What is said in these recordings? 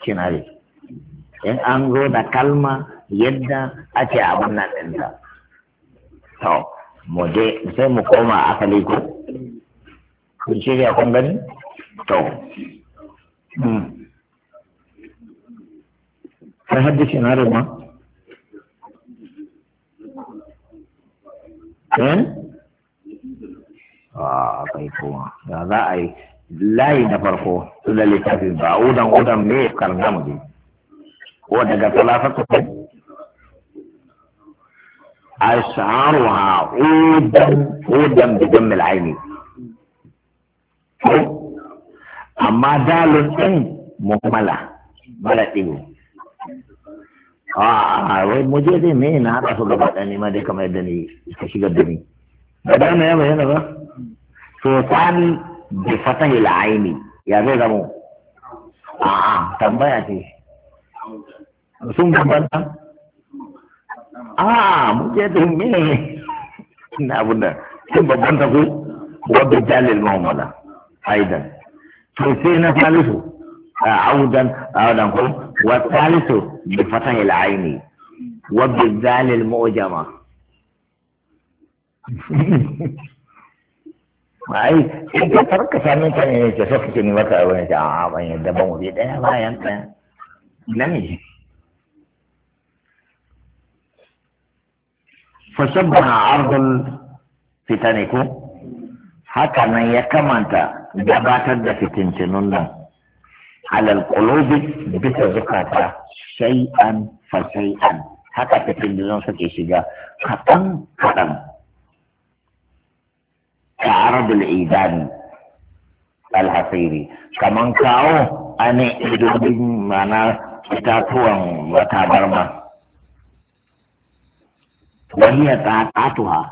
kinare in an zo da kalma yadda ake abin nan ɗinta to mu je sai mu koma asali ko kun shirya kun gani to sai har dictionary ma eh a ah, kai kuma da za a yi layi na farko su da littafin ba udan udan me karna mu ne ko daga talafatu ne asharuha udan udan bi dammil aini amma dalun din mukmala mala digo a wai mu je dai me na haɗa su gaba ɗaya ne ma dai kamar yadda ni ka shigar da ni ba da na yaba yana ba to tsani بفتح العين يا بيه دمو آه تنبايا تي سوم تنبايا آه مجھے تمہیں نا بنا سوم تنبايا تي وابد جال المعملة أيضا ثلثين ثالثه عودا عودا قل والثالث بفتح العين وبالذال المؤجمة ai in ka farka sami ta ne ke so kike ni maka wani ta a ban yadda ban wuri daya bayan daya namiji fasabbaha ardul fitani ko haka nan ya kamanta gabatar da fitincinun nan alal qulubi bisa zukata shay'an fa shay'an haka fitincinun suke shiga kaɗan kaɗan كعرض الإيدان الحصيري كمان كاو أنا إدوبين معنا إتاتوان وتابرما وهي تعطاتها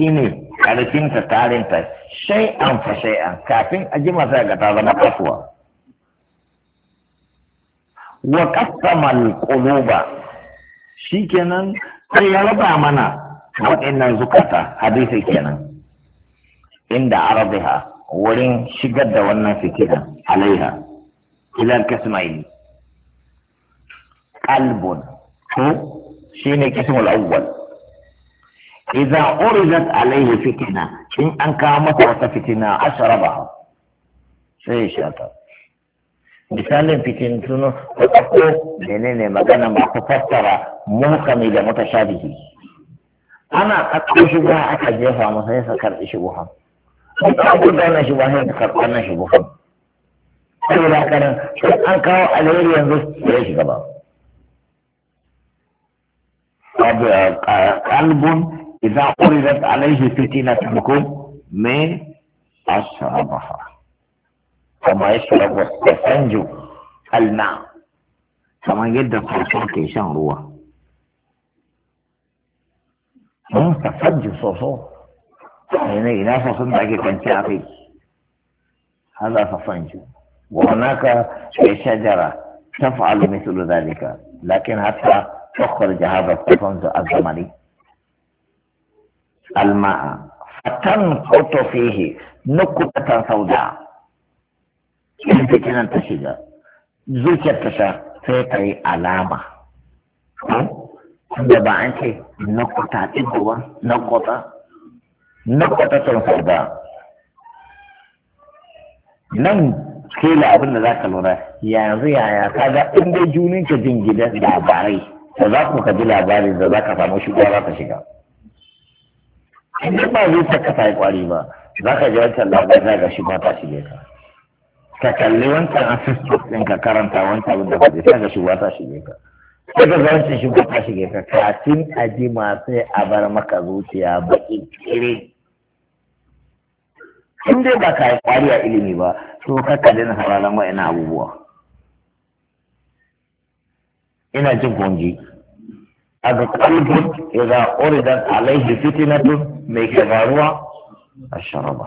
ne, ƙarfinta tarinta shai'an fa shai'an kafin a ji masa ga ta zama kasuwa wa qasamal Shi kenan. sai ya raba mana waɗannan zukata hadisi kenan inda arabiha wurin shigar da wannan fikira alaiha ilal kasmaini qalbun ko shine kismul awwal idza uridat alaihi fitna in an kawo masa wata fitina asharaba sai ya shata misalin fitin tuno ko ko menene magana ba ku fassara muhkami da mutashabihi ana tsakko shiga aka jefa masa ya karbi shi buhan أقول أنا شبهين أنا شبهين saboda haka nan sai an kawo alheri yanzu ya shiga ba kalbun idza uridat alaihi fitinatun ko me ashabaha kama yashrabu tasanju alma kama yadda soso ke shan ruwa mun tasanju soso يعني ina fason da ake kwanci هذا kai haza fason ji تفعل مثل ذلك لكن حتى تخرج هذا التفنز الزمني الماء فتنقط فيه نقطة سوداء فتنة تشجع زوجة تشا فيتري علامة عندما أنت نقطة تبوا نقطة نقطة سوداء nan kila abin da za ka lura yanzu yaya kaga in dai junin ka jin gidan labarai da za ku ka ji labarai da za ka samu shi za ka shiga idan ba zai ta kasa kwari ba za ka ji wancan labarai za ka shiga ta shige ka ka kalli wancan assistant ɗin ka karanta wancan abin da ba zai ta shiga ta shige ka daga zancin shi ta shige ka kafin a ji masu a bar maka zuciya baƙi kiri in dai ba ka yi kwari a ilimi ba to kakka daina sauraron wa'ina abubuwa ina jin kungi aga alai da fiti na tun mai ke a sharaba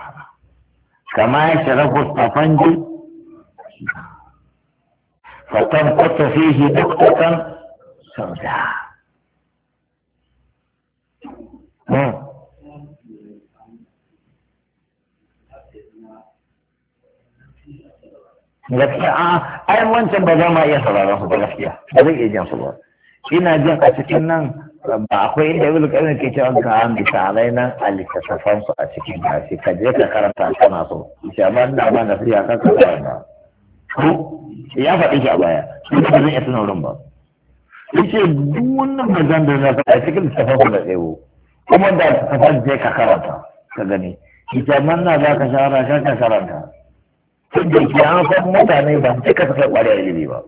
kama ya sharafu tafanji fatan kwata fihi nuktatan sauda hmm. gaskiya a ai wancan ba za ma iya sauraron su ba gaskiya ba zai iya jin su ba ina jin a cikin nan ba akwai inda ibnu qayyim ke cewa ga alai nan a littattafan su a cikin gashi ka je ka karanta kana so shi amma ina ba na fiya ka karanta ya faɗi shi a baya shi ba zan iya tuna wurin ba yace duk wannan bazan da na faɗa cikin littattafan su da tsewo kuma da littattafan je ka karanta ka gani shi amma na za ka shara ka karanta tun da ya san mutane ba su cika suka kware ilimi ba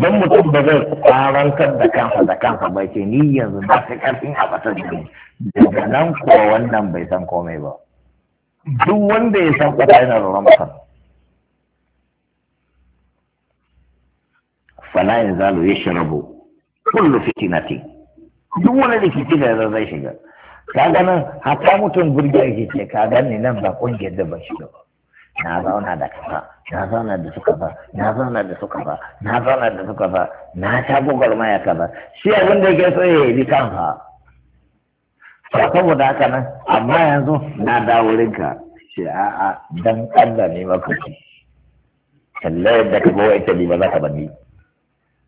don mutum ba zai kan da kansa da kansa ba ke ni yanzu na fi karfin a ƙasar ne daga nan kuwa wannan bai san komai ba duk wanda ya san kwata yana roron ba fala ya zalo ya rabu kullu fitinati duk wani rikici da ya zai shiga ka ganin hatta mutum burgiya ke ce ka gani nan ba kungiyar da ba shi ba na zauna da kafa na zauna da suka ba na zauna da suka ba na zauna da suka ba na ta gwagwarmaya kaza shi abin da yake so ya yi kansa saboda haka nan amma yanzu na dawo shi a a'a dan kalla ne maka shi kalla yadda ka ga wa'ita ba za ka bani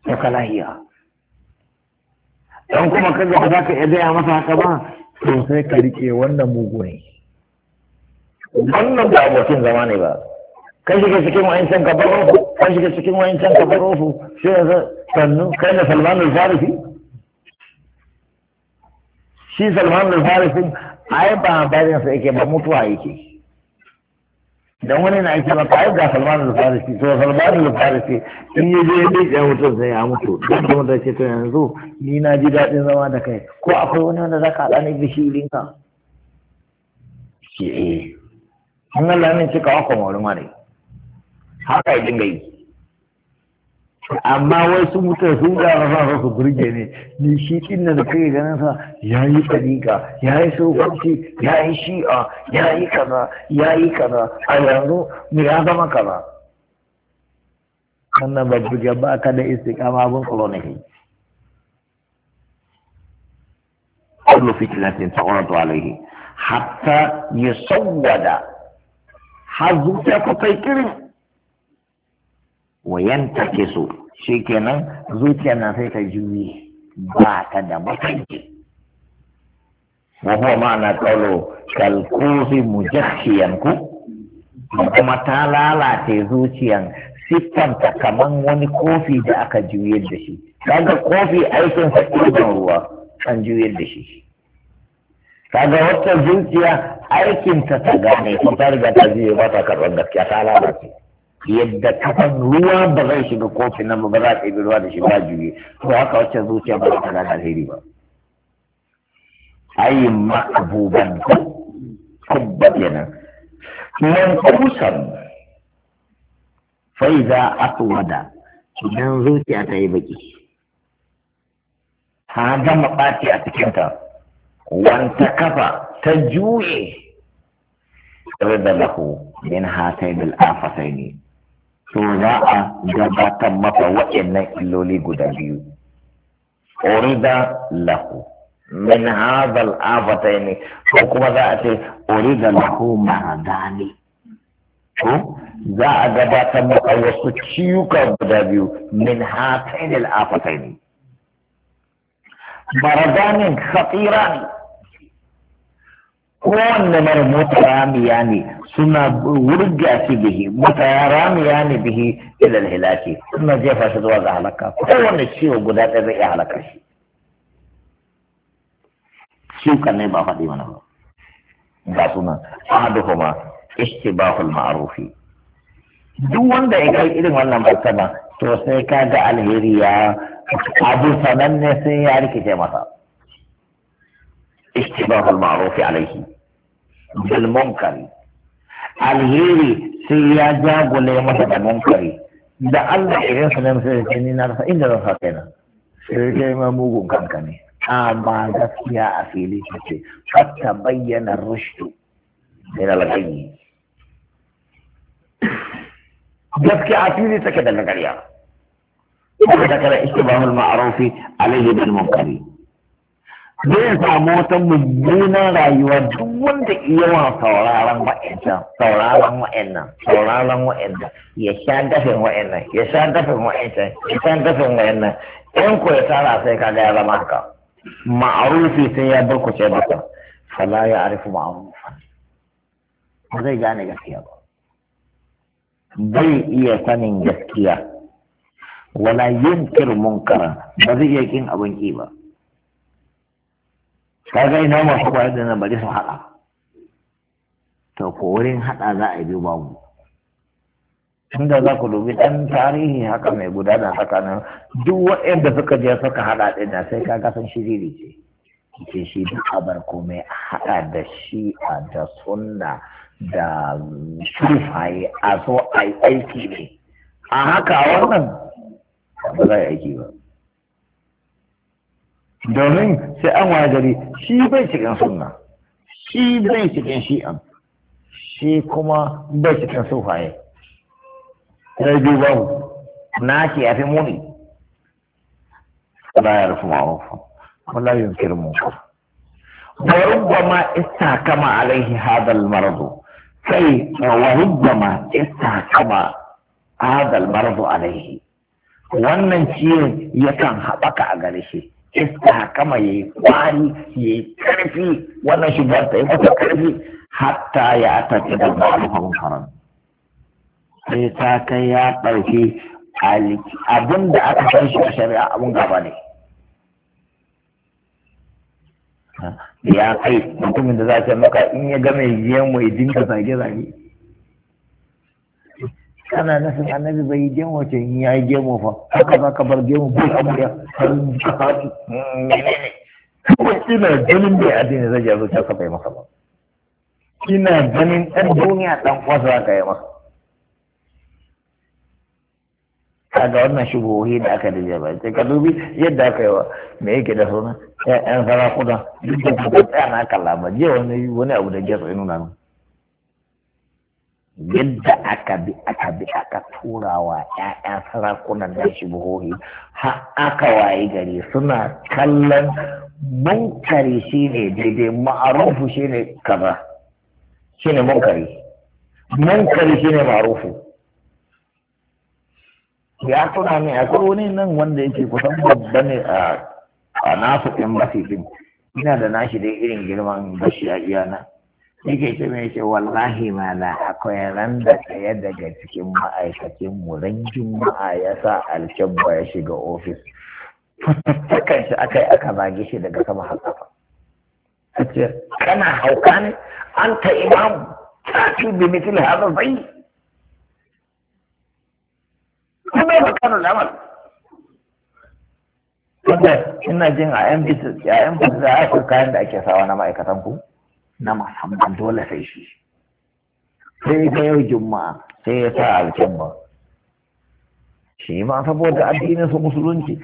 to ka lahiya dan kuma kaga ba za ka iya gaya masa haka ba to sai ka rike wannan mugun ne wannan ba abokin zama ne ba kai shiga cikin wa'in can ka baro su kai shiga cikin wa'in can ka baro su sai sannu kai da salman al-farisi shi salman al-farisi ai ba bayan sa yake ba mutuwa yake dan wani na yake maka ai ga Salman al-Farisi to Salman al-Farisi in ya je bai ya mutu sai ya mutu dan da mutum to yanzu ni na ji dadin zama da kai ko akwai wani wanda zaka haɗa ni bishirin ka ke eh an Allah ne cika wa kuma wani mare haka ya dinga yi amma wai sun mutu su da rasa su burge ne ni shi inda da kai ganin sa ya yi tsarika ya yi sofanci ya yi shi'a ya yi kaza ya yi kaza a yanzu mu ya zama kaza wannan ba buga ba ka da istiqama abin tsaro na kai kullu fitnatin ta'uratu alaihi hatta yasawwada har zuciya ta kai kirin wa so. Shi kenan zuciya na sai ka juyi ba ta da mutunci wahuwa ma'ana kalo kal mu ku kuma ta lalace zuciyan siffanta kamar wani kofi da aka juyar da shi kaga kofi aikin sa ɗiban ruwa an juyar da shi kaga wata zuciya aikinta ta gane ta riga ta juye ba ta karɓar gaskiya ta lalace yadda kafan ruwa ba zai shiga kofin nan ba za ka yi ruwa da shi ba juye to haka wacce zuciya ba za ta gane alheri ba ayi ma'abuban kubba kenan man kusan faiza aswada idan zuciya ta yi baki ta gama ɓaci a cikinta wanta kafa ta juye tare da lahu min hatai bil afatai ne to za a gabatar masa waɗannan illoli guda biyu orida lahu min hazal hadhal ne ko kuma za a ce orida lahu maradani ko za a gabatar masa wasu ciyuka guda biyu min hatayn ne baradanin maradanin ne kowanne mara mota ramiya ne suna wurga shi bihi mota ramiya ne bihi ilal hilaki suna jefa shi zuwa ga halaka kowanne ciwo guda ɗaya zai iya halaka shi ciwukan ne ba faɗi mana ba ga suna ahaduhuma istibahul ma'rufi duk wanda ya kai irin wannan martaba to sai ka ga alheri ya abu sananne sai ya rikice masa istibahul ma'rufi alaihi bil munkari alheri sai ya jagule masa da munkari da Allah irin sa ne sai ce ni na rasa inda zan sa na sai kai ma mugun kankani a amma gaskiya a fili ta ce fatta bayyana rushtu min al gaskiya a fili take da ƙarya kuma da kala istibahul ma'rufi alayhi bil munkari zai samu wata mummunan rayuwa duk wanda yawan sauraron wa'ancan sauraron wa'annan sauraron wa'annan ya sha dafin wa'annan ya sha dafin wa'ancan ya sha dafin wa'annan in ku ya tara sai kaga ya zama haka ma'arufi sai ya bar kuce masa fala ya arifu ma'arufa ba zai gane gaskiya ba bai iya sanin gaskiya wala yunkiru kara? ba zai iya kin abin ki ba kaga ina masu kwayar da nan bari su haɗa to ko wurin haɗa za a yi babu tunda za ku dubi ɗan tarihi haka mai gudana tsakanin duk waɗanda suka je suka haɗa ɗin da sai kaga sun shiriri ce ke shi duk abar komai a haɗa da shi a da sunna da sufaye a so a yi aiki ne a haka wannan ba za a yi aiki ba domin sai an waye gari shi bai cikin sunna shi bai cikin shi'an shi kuma bai cikin sufaye sai biyu babu na ke yafi muni Ba ya rufu ma'arufa wala yunkir munkar wa rubbama istakama alaihi hadal maradu sai wa rubbama kama hadal maradu alaihi wannan ciwon yakan haɓaka a gare shi iska kama ya yi kwari ya yi karfi wannan shigar ta yi kusa karfi hatta ya tafi da babu faran sai ta kai ya ɗauki abin da aka san shi a shari'a abin gaba ne ya kai mutumin da za ka maka in ya yi yamma ya dinka zage-zage kana nufin annabi bai gemu ce in ya yi gemu fa haka za ka bar gemu bai abuya harin jihadi menene kawai ina ganin bai addini zai jazo ta ka bai masa ba ina ganin ɗan duniya ɗan kwasa za ka yi masa kaga wannan shubuhohi da aka dace ba sai ka dubi yadda aka yi wa me yake da suna ƴan sarakuna duk da kuma tsaya na kalla ba wani abu da gefe nuna min yadda aka bi aka bi aka turawa ‘ya'ya sarakunan da shi buhori har aka waye gari suna kallon munkari shi ne daidai ma'arufu shi ne kaza shi ne munkari munkari shi ne ma'arufu ya suna ne akwai wani nan wanda yake kusan babba ne a nasu ɗin basifin ina da nashi dai irin girman bashi a iyana yake ce mai ce wallahi mana akwai ran da ɗaya daga cikin ma'aikacin mu ran juma'a ya sa alkyabba ya shiga ofis fatattakan shi aka yi aka zage shi daga sama har kafa. a ce kana hauka ne an ta imamu ta ci bi mitil hada zai kuma ba kano lamar wanda ina jin a yan bisa a yan bisa a kayan da ake sawa na ma'aikatan ku na musamman dole sai shi sai ga yau juma'a sai ya sa alkin ba shi ma saboda addinin su musulunci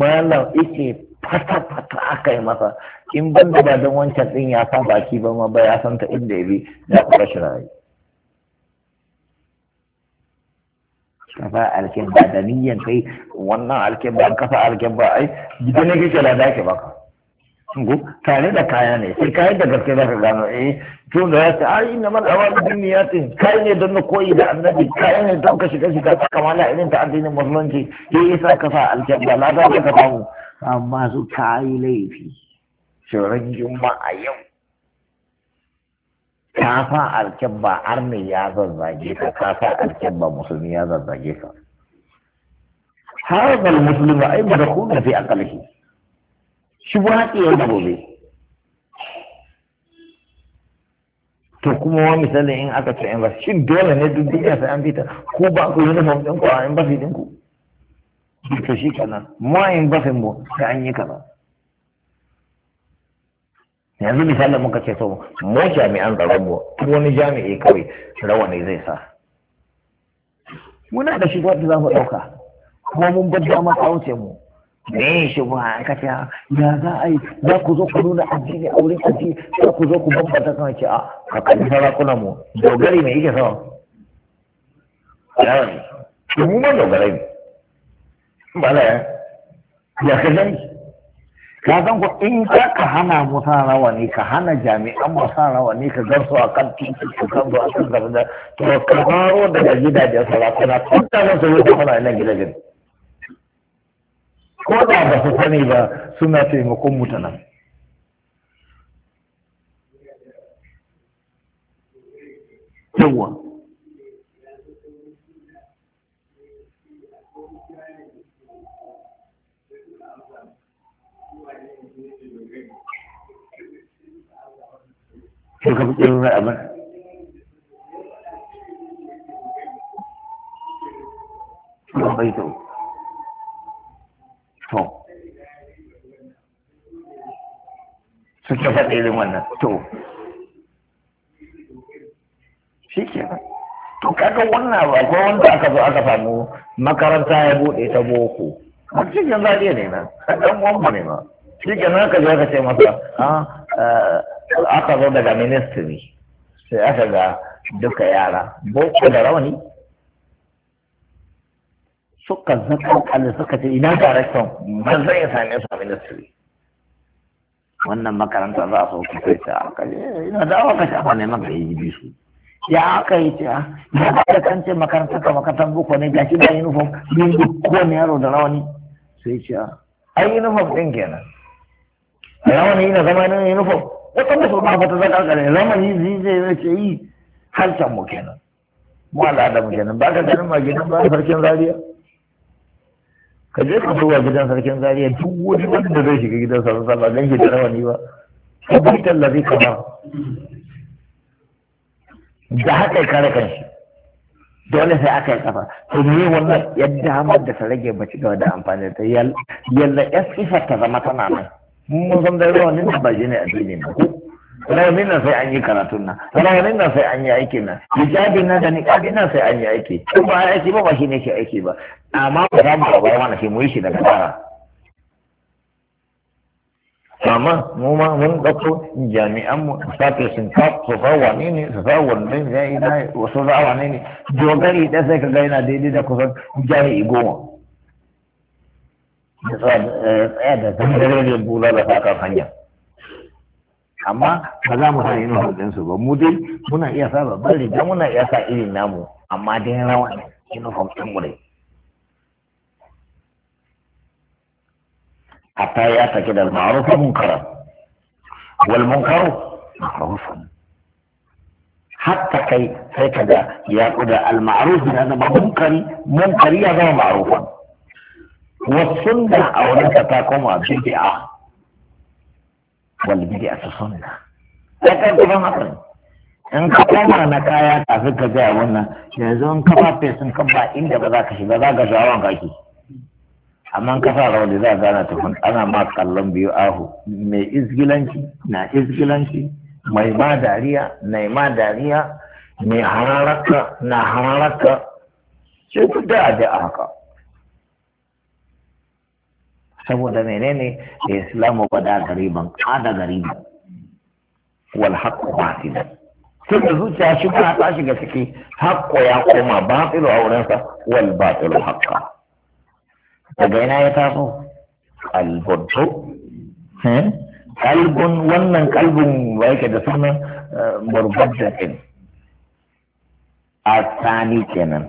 malam ike fata fata aka yi masa in ban da ba don wancan din ya san baki ba ma ba ya san ta inda ya bi da ku rashin rayu kafa alkin ba da niyyan kai wannan alkin ba kafa alkin ba ai gidan ne kake da ke baka tare da kaya ne sai kayan da gaske za ka gano eh to da ya ce ai na mal awal duniya ce kai ne don koyi da annabi kai ne don ka shiga shiga ka kamala irin ta addinin musulunci ke yasa ka sa aljanna la da ka samu amma su kayi laifi shoran juma'a yau ka sa alkyabba arni ya zazzage ka ka sa alkyabba musulmi ya zazzage ka hadha almuslimu ay madkhulun fi aqlihi Shi shubuhati yau da gobe to kuma wa misali in aka ce in basi shin dole ne duk duniya sai an bita ko ba ku yi uniform ɗin ku a in basi din ku to shi kenan mu in basin mu sai an yi kaza yanzu misalin muka ce so mu jami'an tsaron mu wani jami'i kawai rawa ne zai sa muna da shi wanda za mu ɗauka kuma mun bar dama a wuce mu me shi ba a kace ah, ya za a yi za ku zo ku nuna addini a wurin addini za ku zo ku bambanta kan ce a ah, ka kalli sarakuna mu dogari mai yake sawa yawan mu ma dogari ne ba da ya ka gani ka zan ku in ka ka hana mu sa rawani ka hana jami'an mu sa ne ka gan a kan titi ka zo a kan gaba da to ka faro daga gidajen sarakuna tun da su zo ta fara nan gidajen ko da ba su sani ba suna taimakon mu ta nan yawa Thank you. ta faɗa irin wannan to shi ke nan to kaga wannan ba ko wanda aka zo aka samu makaranta ya buɗe ta boko A cikin ke zaɗe ne a ɗan wamba ne ma shi ke nan ka zo aka ce masa eh, aka zo daga ministry sai aka ga duka yara boko da rawani suka zaka kalli suka ce ina direction ban zai same su a ministry wannan makaranta za a sauke kai ta aka je ina da aka amma ne maka yi bi su ya aka yi ta ah, ya aka kance makaranta ka makarantar boko ne gashi da uniform min duk ne yaro da rawani sai ce ah, ai uniform din kenan rawani ina zama na uniform kan da su ba ta zaka kare zamani zai zai ce yi halcan mu kenan mu da mu kenan ba ka ganin magidan ba farkin rariya ka je ka zuwa gidan sarkin zariya duk wani wanda zai shiga gidan sarkin zariya ba zan shi da rawani ba ka bai tallafi ba da haka kare kanshi dole sai aka yi kafa to ne wannan yadda hamar da ta rage ba ci gaba da amfani ta yalla ya sifar ta zama tana nan mun san da rawanin ba jini a duniya ba rawanin nan sai an yi karatun nan rawanin nan sai an yi aikin nan hijabin nan da niqabin nan sai an yi aiki in ba aiki ba ba shi ne ke aiki ba amma ba za mu rabar mana shi mu yi shi daga dara. amma mu ma mun ɗauko jami'an mu sake sun ka su rawa ne ne su rawa ne ne ya na wasu rawa ne ne dogari ɗan sai ka ga yana daidai da kusan jami'i goma. Ya eh, tsaya da zama da rage bula da sakar hanya. amma ba za mu san irin su ba mu dai muna iya sa babban riga muna iya sa irin namu amma dai rawa ne uniform ɗin mu dai hatta ya take da ma'arufa munkara wal munkaru ma'arufa hatta kai sai ka ga ya kuda al ma'ruf ya zama munkari munkari ya zama ma'rufan Wasun da a ta koma bid'a wal bid'atu sunna kai kuma in ka koma na kaya kafin ka gaya wannan yanzu in kafa fesin ka ba inda ba za ka shiga za ka shawon kaki amma ka sa rawar da za a gana tafin ana ma kallon biyu ahu mai izgilanci na izgilanci mai ma dariya na ma dariya mai hararaka na hararaka sai ku da a haka saboda menene islamu bada gariban kada gariban wal haqqu batilan sai da zuciya shi ba ta shiga ciki haqqo ya koma batilu a wurinsa wal batilu haqqa daga ina ya taso albuddu kalbun wannan kalbun wa yake da sunan burbadda din a tsani kenan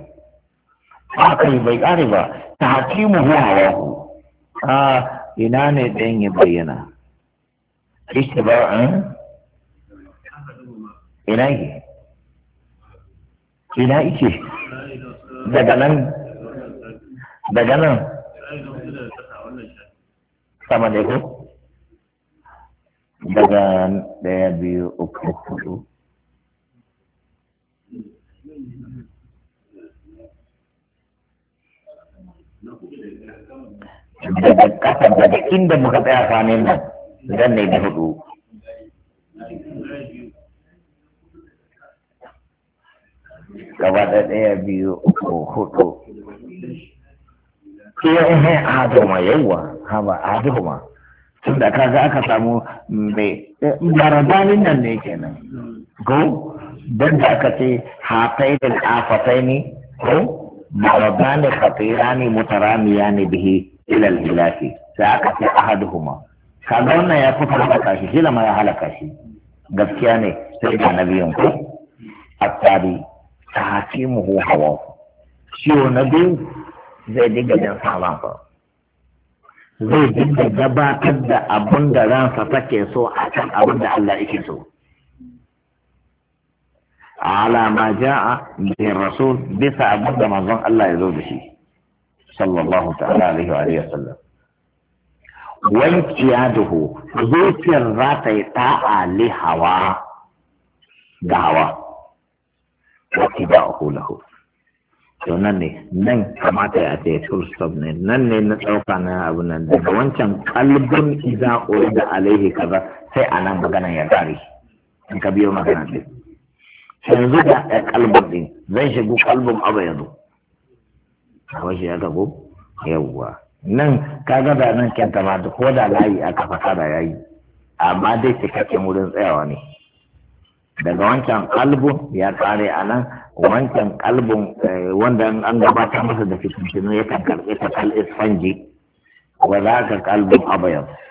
ba kai bai kare ba ta hakimu huwa wahu a ina ne ɗayan ya bayyana ishi ba a eh? ina yi ina ike daga nan daga nan sama da ku daga ɗaya biyu uku hudu Thank you. daga kasa daga inda muka tsaya kwanan nan zan ne na hudu gaba da ɗaya biyu uku hudu ke ihe adoma yawa haba adoma tun da kaga aka samu mai barabanin eh, nan ne kenan go don da aka ce hatai da afatai ne ko barabani khatira ne ya ne bihi ila hilafi sai aka ce ahaduhuma kaga wannan ya kuka halaka shi kila ma ya halaka shi gaskiya ne sai da nabiyin ku. attabi ta hakimu hawa Shi na biyu zai diga jan saman ba zai diga gabatar da abin da ransa take so a kan abin da Allah yake so. Ala ma ja'a min rasul bisa abin da manzon Allah ya zo da shi. sallallahu ta'ala alaihi wankiya duhu zuciyar za ta yi ta'a li hawa ga hawa a hulahu to nan ne nan kamata ya ce full stop ne nan ne na ɗauka na abu nan daga wancan kalbin iza oyi da alaihi kaza sai a nan maganan ya kare in ka biyo magana ce yanzu da kalbin ɗin zan shigo kalbin abu yanzu a shi ya gabo yawwa nan kaga da nan kenta ma da ko da layi aka fasa da yayi amma dai cikakken wurin tsayawa ne daga wancan kalbun ya kare a nan wancan kalbun eh, wanda an gabata masa da fitintinu ya kan ita ta kal isfanji eh, wa za ka kalbun abayar